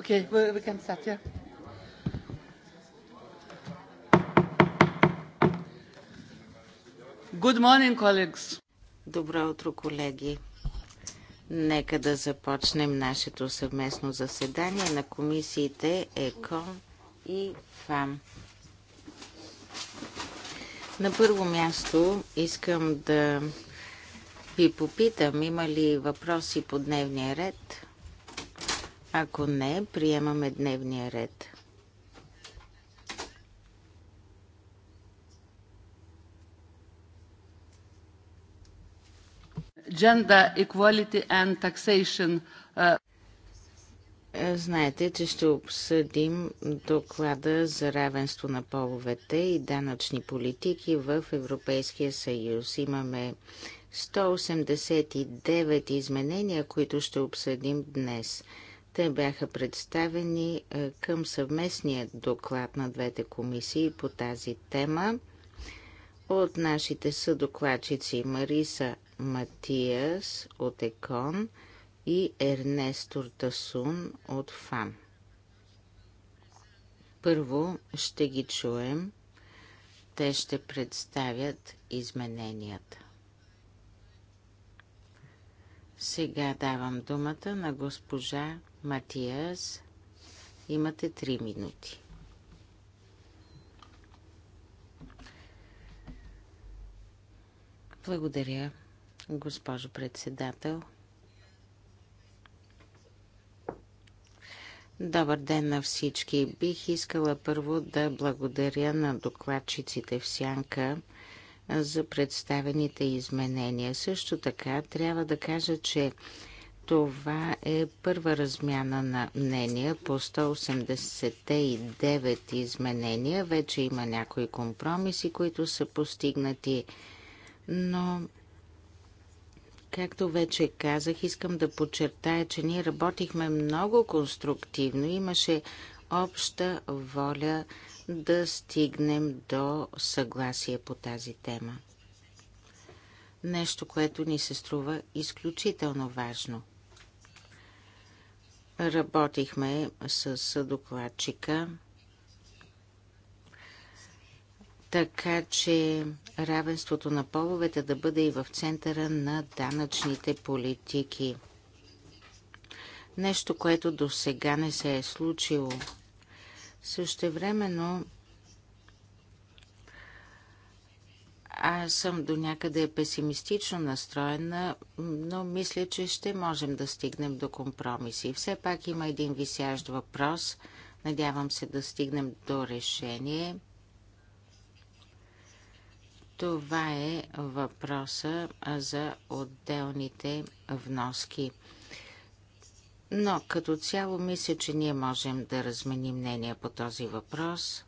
Okay, we, we can start, yeah. Good morning, colleagues. Добро утро, колеги. Нека да започнем нашето съвместно заседание на комисиите ЕКОН и ФАМ. На първо място искам да ви попитам, има ли въпроси по дневния ред? Ако не, приемаме дневния ред. Gender Equality and Taxation. Uh, Знаете, че ще обсъдим доклада за равенство на половете и данъчни политики в Европейския съюз. Имаме 189 изменения, които ще обсъдим днес. Те бяха представени е, към съвместния доклад на двете комисии по тази тема от нашите съдокладчици Мариса Матиас от ЕКОН и Ернестор Тасун от Фан. Първо ще ги чуем. Те ще представят измененията. Сега давам думата на госпожа Матиас, имате 3 минути. Благодаря, госпожо председател. Добър ден на всички. Бих искала първо да благодаря на докладчиците в Сянка за представените изменения. Също така трябва да кажа, че това е първа размяна на мнения по 189 изменения. Вече има някои компромиси, които са постигнати, но Както вече казах, искам да подчертая, че ние работихме много конструктивно. Имаше обща воля да стигнем до съгласие по тази тема. Нещо, което ни се струва изключително важно – Работихме с докладчика, така че равенството на половете да бъде и в центъра на данъчните политики. Нещо, което до сега не се е случило. също времено. Аз съм до някъде песимистично настроена, но мисля, че ще можем да стигнем до компромиси. Все пак има един висящ въпрос. Надявам се да стигнем до решение. Това е въпроса за отделните вноски. Но като цяло мисля, че ние можем да разменим мнение по този въпрос –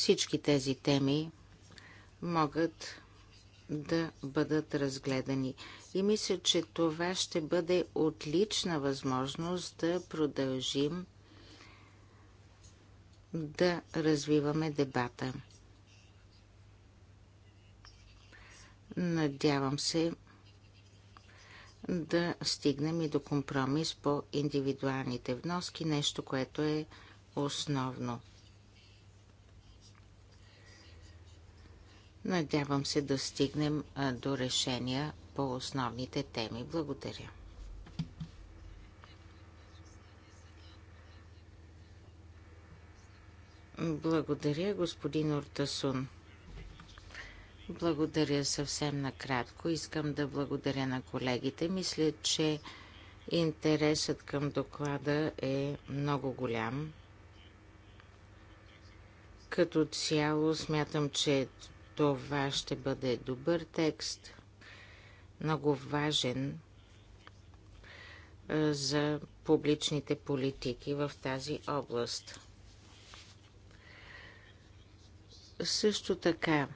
Всички тези теми могат да бъдат разгледани. И мисля, че това ще бъде отлична възможност да продължим да развиваме дебата. Надявам се да стигнем и до компромис по индивидуалните вноски, нещо, което е основно. Надявам се да стигнем до решения по основните теми. Благодаря. Благодаря, господин Ортасун. Благодаря съвсем накратко. Искам да благодаря на колегите. Мисля, че интересът към доклада е много голям. Като цяло смятам, че това ще бъде добър текст, много важен за публичните политики в тази област. Също така,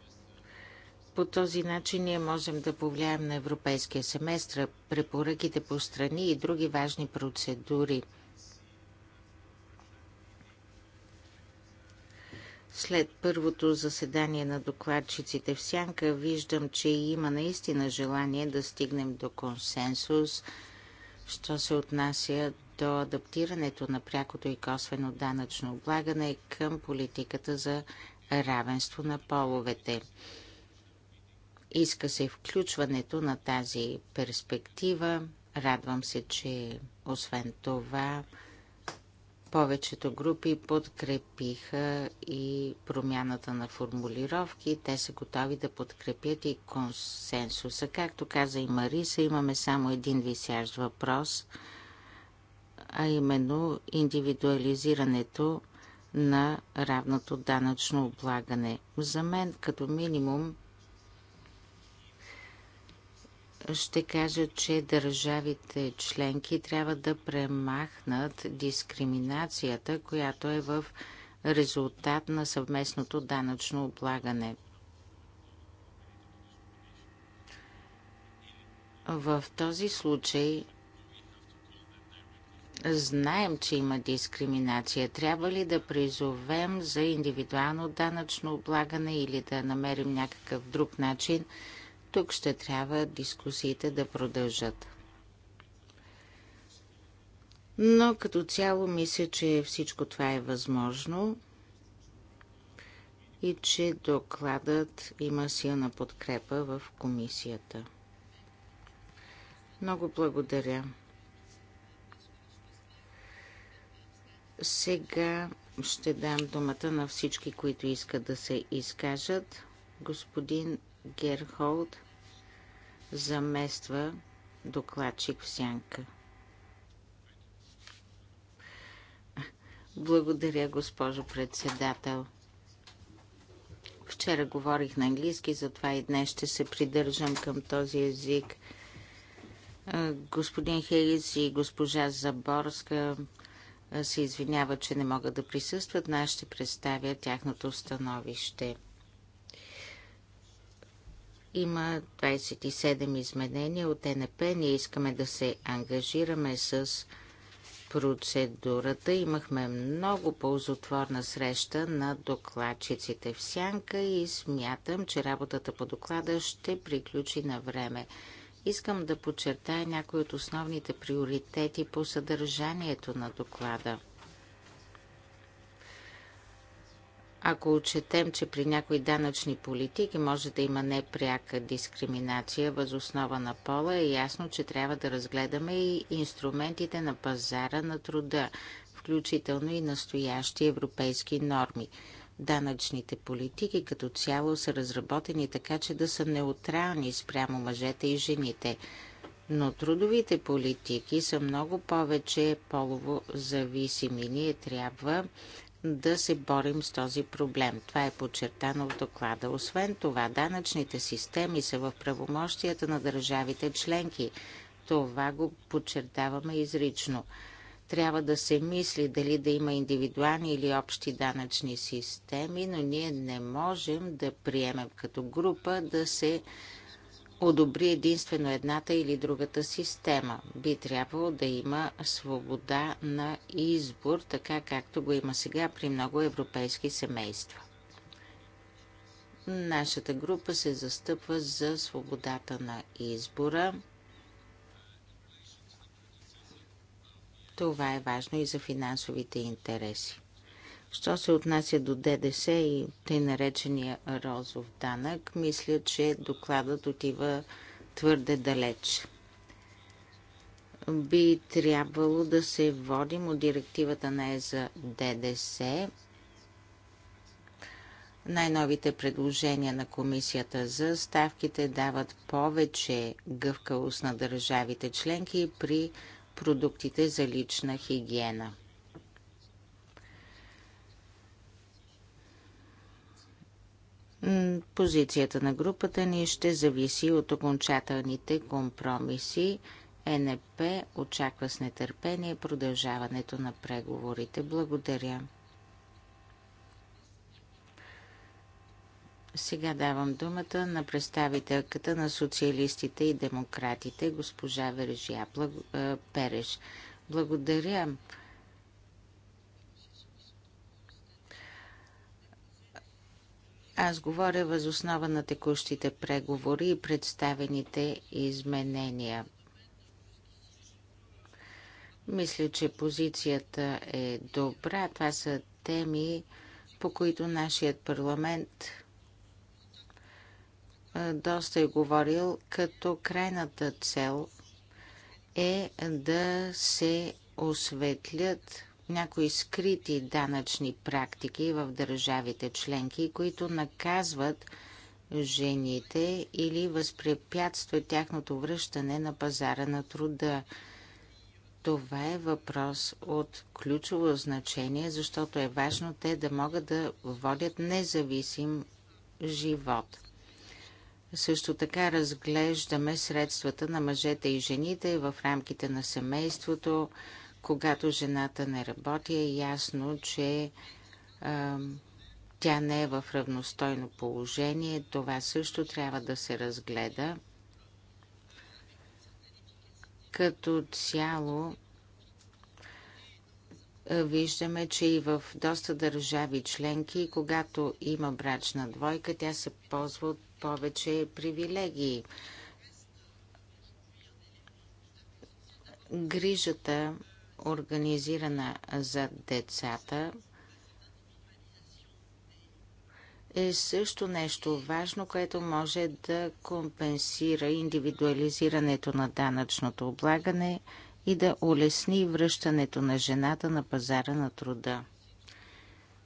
по този начин ние можем да повлияем на европейския семестър, препоръките по страни и други важни процедури – След първото заседание на докладчиците в Сянка виждам, че има наистина желание да стигнем до консенсус, що се отнася до адаптирането на прякото и косвено данъчно облагане към политиката за равенство на половете. Иска се включването на тази перспектива. Радвам се, че освен това повечето групи подкрепиха и промяната на формулировки. Те са готови да подкрепят и консенсуса. Както каза и Мариса, имаме само един висящ въпрос, а именно индивидуализирането на равното данъчно облагане. За мен като минимум ще кажа, че държавите членки трябва да премахнат дискриминацията, която е в резултат на съвместното данъчно облагане. В този случай знаем, че има дискриминация. Трябва ли да призовем за индивидуално данъчно облагане или да намерим някакъв друг начин – тук ще трябва дискусиите да продължат. Но като цяло мисля, че всичко това е възможно и че докладът има силна подкрепа в комисията. Много благодаря. Сега ще дам думата на всички, които искат да се изкажат. Господин Герхолд, замества докладчик в сянка. Благодаря, госпожо председател. Вчера говорих на английски, затова и днес ще се придържам към този език. Господин Хейс и госпожа Заборска се извинява, че не могат да присъстват, но аз ще представя тяхното становище. Има 27 изменения от НП. Ние искаме да се ангажираме с процедурата. Имахме много ползотворна среща на докладчиците в Сянка и смятам, че работата по доклада ще приключи на време. Искам да подчертая някои от основните приоритети по съдържанието на доклада – Ако отчетем, че при някои данъчни политики може да има непряка дискриминация въз основа на пола, е ясно, че трябва да разгледаме и инструментите на пазара на труда, включително и настоящи европейски норми. Данъчните политики като цяло са разработени така, че да са неутрални спрямо мъжете и жените. Но трудовите политики са много повече полово зависими. Ние трябва да се борим с този проблем. Това е подчертано в доклада. Освен това, данъчните системи са в правомощията на държавите членки. Това го подчертаваме изрично. Трябва да се мисли дали да има индивидуални или общи данъчни системи, но ние не можем да приемем като група да се одобри единствено едната или другата система. Би трябвало да има свобода на избор, така както го има сега при много европейски семейства. Нашата група се застъпва за свободата на избора. Това е важно и за финансовите интереси. Що се отнася до ДДС и тъй наречения розов данък, мисля, че докладът отива твърде далеч. Би трябвало да се водим от директивата на еза ДДС. Най-новите предложения на комисията за ставките дават повече гъвкавост на държавите членки при продуктите за лична хигиена. Позицията на групата ни ще зависи от окончателните компромиси. Е НП очаква с нетърпение продължаването на преговорите. Благодаря. Сега давам думата на представителката на социалистите и демократите, госпожа Вережия Благ... Е, Переш. Благодаря. Аз говоря основа на текущите преговори и представените изменения. Мисля, че позицията е добра. Това са теми, по които нашият парламент доста е говорил, като крайната цел е да се осветлят някои скрити данъчни практики в държавите членки, които наказват жените или възпрепятстват тяхното връщане на пазара на труда. Това е въпрос от ключово значение, защото е важно те да могат да водят независим живот. Също така разглеждаме средствата на мъжете и жените в рамките на семейството, когато жената не работи, е ясно, че а, тя не е в равностойно положение. Това също трябва да се разгледа. Като цяло, виждаме, че и в доста държави членки, когато има брачна двойка, тя се ползва от повече привилегии. Грижата организирана за децата, е също нещо важно, което може да компенсира индивидуализирането на данъчното облагане и да улесни връщането на жената на пазара на труда.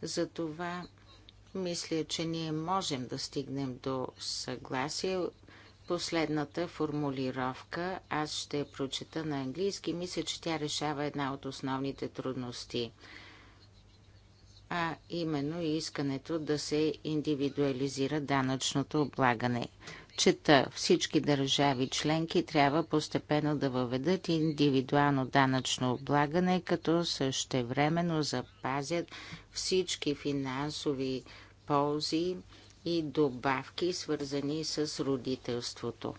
Затова мисля, че ние можем да стигнем до съгласие последната формулировка. Аз ще я прочета на английски. Мисля, че тя решава една от основните трудности. А именно искането да се индивидуализира данъчното облагане. Чета всички държави членки трябва постепенно да въведат индивидуално данъчно облагане, като същевременно запазят всички финансови ползи, и добавки, свързани с родителството.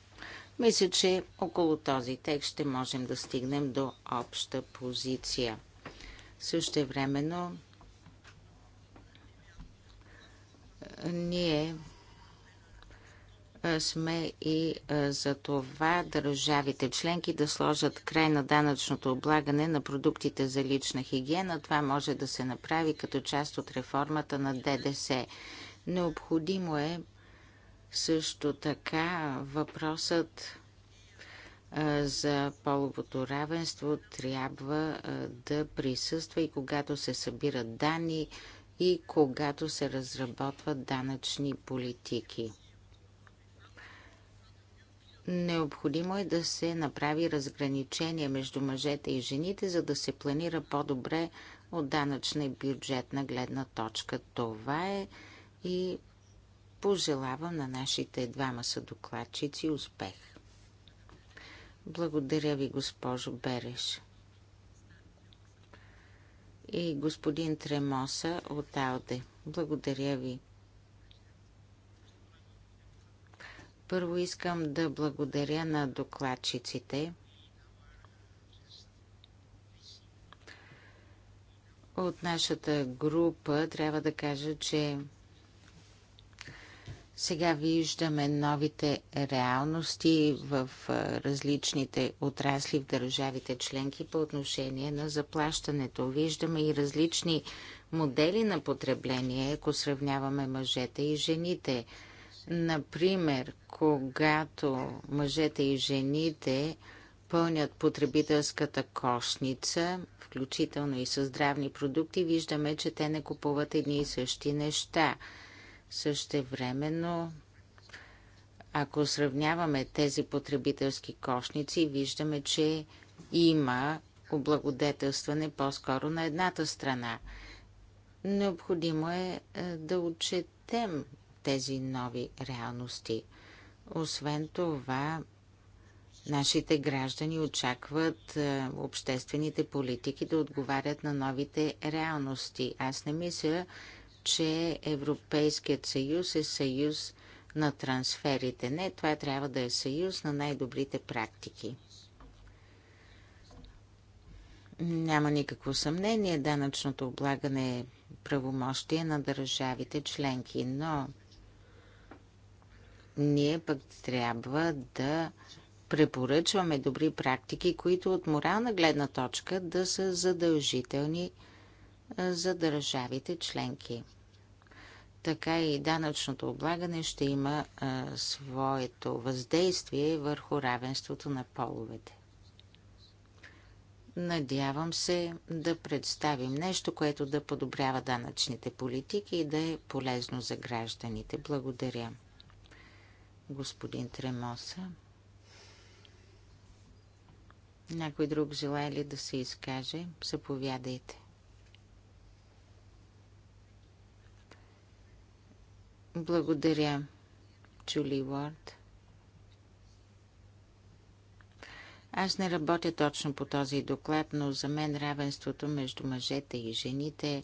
Мисля, че около този текст ще можем да стигнем до обща позиция. Също времено ние сме и за това държавите членки да сложат край на данъчното облагане на продуктите за лична хигиена. Това може да се направи като част от реформата на ДДС. Необходимо е също така въпросът за половото равенство трябва да присъства и когато се събират данни и когато се разработват данъчни политики. Необходимо е да се направи разграничение между мъжете и жените, за да се планира по-добре от данъчна и бюджетна гледна точка. Това е и пожелавам на нашите двама съдокладчици успех. Благодаря ви, госпожо Береш. И господин Тремоса от Алде. Благодаря ви. Първо искам да благодаря на докладчиците. От нашата група трябва да кажа, че сега виждаме новите реалности в различните отрасли в държавите членки по отношение на заплащането. Виждаме и различни модели на потребление, ако сравняваме мъжете и жените. Например, когато мъжете и жените пълнят потребителската кошница, включително и със здравни продукти, виждаме, че те не купуват едни и същи неща – Същевременно, ако сравняваме тези потребителски кошници, виждаме, че има облагодетелстване по-скоро на едната страна. Необходимо е, е да отчетем тези нови реалности. Освен това, нашите граждани очакват е, обществените политики да отговарят на новите реалности. Аз не мисля, че Европейският съюз е съюз на трансферите. Не, това трябва да е съюз на най-добрите практики. Няма никакво съмнение, данъчното облагане е правомощие на държавите членки, но ние пък трябва да препоръчваме добри практики, които от морална гледна точка да са задължителни – за държавите членки. Така и данъчното облагане ще има а, своето въздействие върху равенството на половете. Надявам се да представим нещо, което да подобрява данъчните политики и да е полезно за гражданите. Благодаря. Господин Тремоса. Някой друг желая ли да се изкаже? Заповядайте. Благодаря, Чули Уорд. Аз не работя точно по този доклад, но за мен равенството между мъжете и жените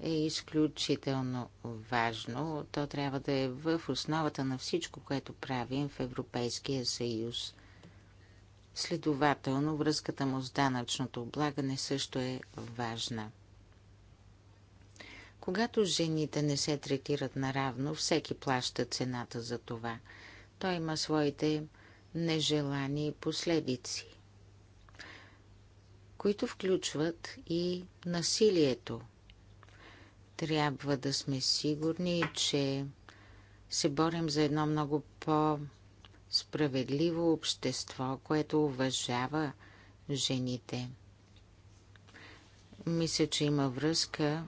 е изключително важно. То трябва да е в основата на всичко, което правим в Европейския съюз. Следователно, връзката му с данъчното облагане също е важна. Когато жените не се третират наравно, всеки плаща цената за това. Той има своите нежелани последици, които включват и насилието. Трябва да сме сигурни, че се борим за едно много по-справедливо общество, което уважава жените. Мисля, че има връзка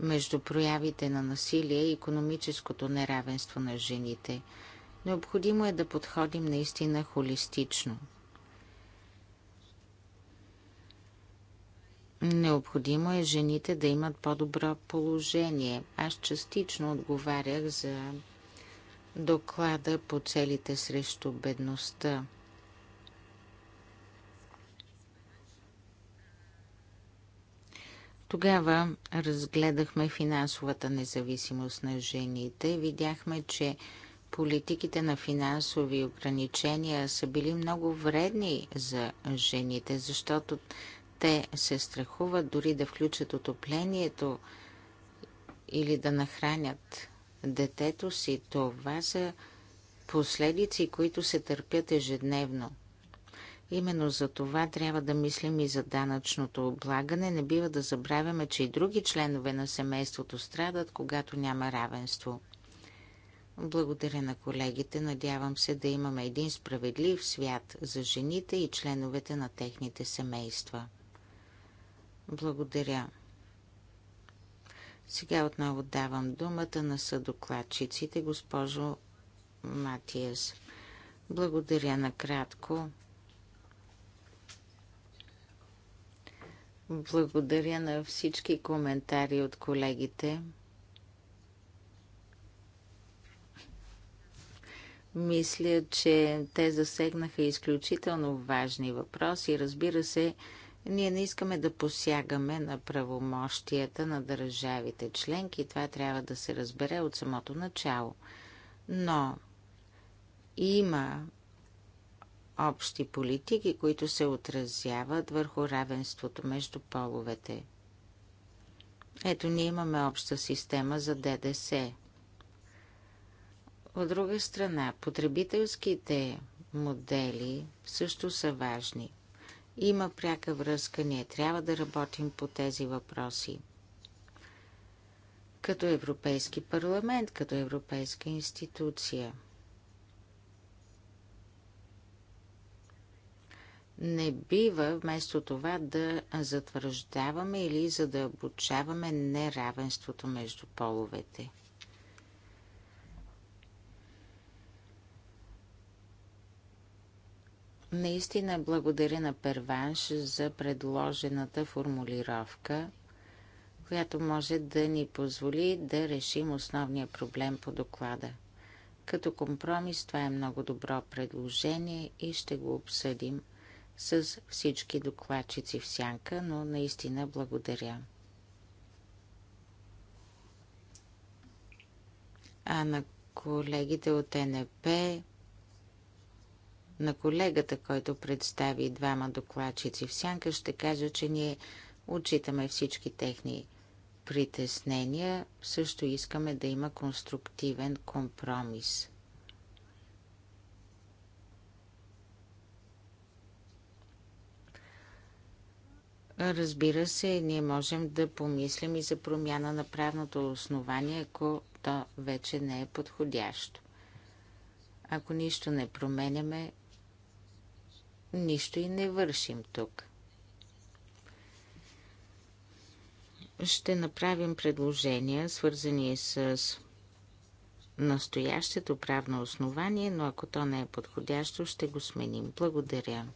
между проявите на насилие и економическото неравенство на жените. Необходимо е да подходим наистина холистично. Необходимо е жените да имат по-добро положение. Аз частично отговарях за доклада по целите срещу бедността. Тогава разгледахме финансовата независимост на жените. Видяхме, че политиките на финансови ограничения са били много вредни за жените, защото те се страхуват дори да включат отоплението или да нахранят детето си. Това са последици, които се търпят ежедневно – Именно за това трябва да мислим и за данъчното облагане. Не бива да забравяме, че и други членове на семейството страдат, когато няма равенство. Благодаря на колегите. Надявам се да имаме един справедлив свят за жените и членовете на техните семейства. Благодаря. Сега отново давам думата на съдокладчиците, госпожо Матиас. Благодаря накратко. Благодаря на всички коментари от колегите. Мисля, че те засегнаха изключително важни въпроси. Разбира се, ние не искаме да посягаме на правомощията на държавите членки. Това трябва да се разбере от самото начало. Но има общи политики, които се отразяват върху равенството между половете. Ето, ние имаме обща система за ДДС. От друга страна, потребителските модели също са важни. Има пряка връзка, ние трябва да работим по тези въпроси. Като Европейски парламент, като Европейска институция – не бива вместо това да затвърждаваме или за да неравенството между половете. Наистина благодаря на Перванш за предложената формулировка, която може да ни позволи да решим основния проблем по доклада. Като компромис това е много добро предложение и ще го обсъдим с всички докладчици в сянка, но наистина благодаря. А на колегите от НП, на колегата, който представи двама докладчици в сянка, ще кажа, че ние отчитаме всички техни притеснения. Също искаме да има конструктивен компромис – Разбира се, ние можем да помислим и за промяна на правното основание, ако то вече не е подходящо. Ако нищо не променяме, нищо и не вършим тук. Ще направим предложения, свързани с настоящето правно основание, но ако то не е подходящо, ще го сменим. Благодаря.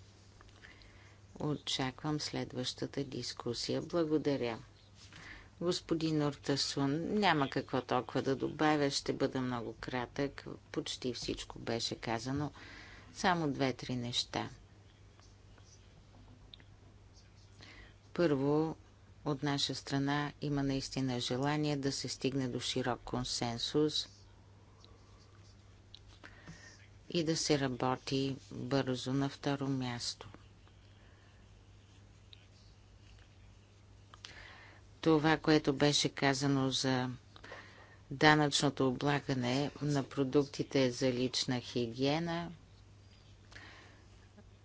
Очаквам следващата дискусия. Благодаря. Господин Ортасун, няма какво толкова да добавя, ще бъда много кратък. Почти всичко беше казано. Само две-три неща. Първо, от наша страна има наистина желание да се стигне до широк консенсус и да се работи бързо на второ място. това, което беше казано за данъчното облагане на продуктите за лична хигиена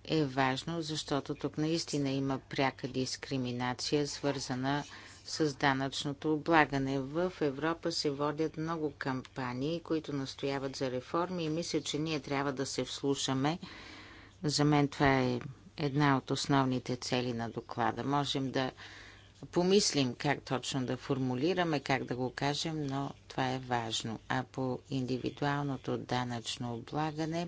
е важно, защото тук наистина има пряка дискриминация, свързана с данъчното облагане. В Европа се водят много кампании, които настояват за реформи и мисля, че ние трябва да се вслушаме. За мен това е една от основните цели на доклада. Можем да помислим как точно да формулираме, как да го кажем, но това е важно. А по индивидуалното данъчно облагане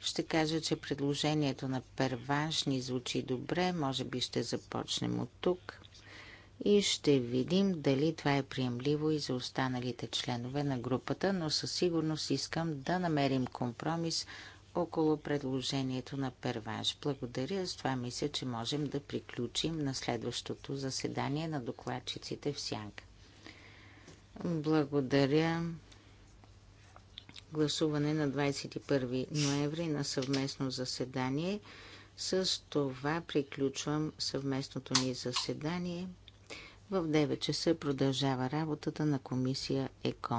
ще кажа, че предложението на перванш ни звучи добре. Може би ще започнем от тук и ще видим дали това е приемливо и за останалите членове на групата, но със сигурност искам да намерим компромис около предложението на Перванш. Благодаря. С това мисля, че можем да приключим на следващото заседание на докладчиците в Сянка. Благодаря. Гласуване на 21 ноември на съвместно заседание. С това приключвам съвместното ни заседание. В 9 часа продължава работата на комисия ЕКОН.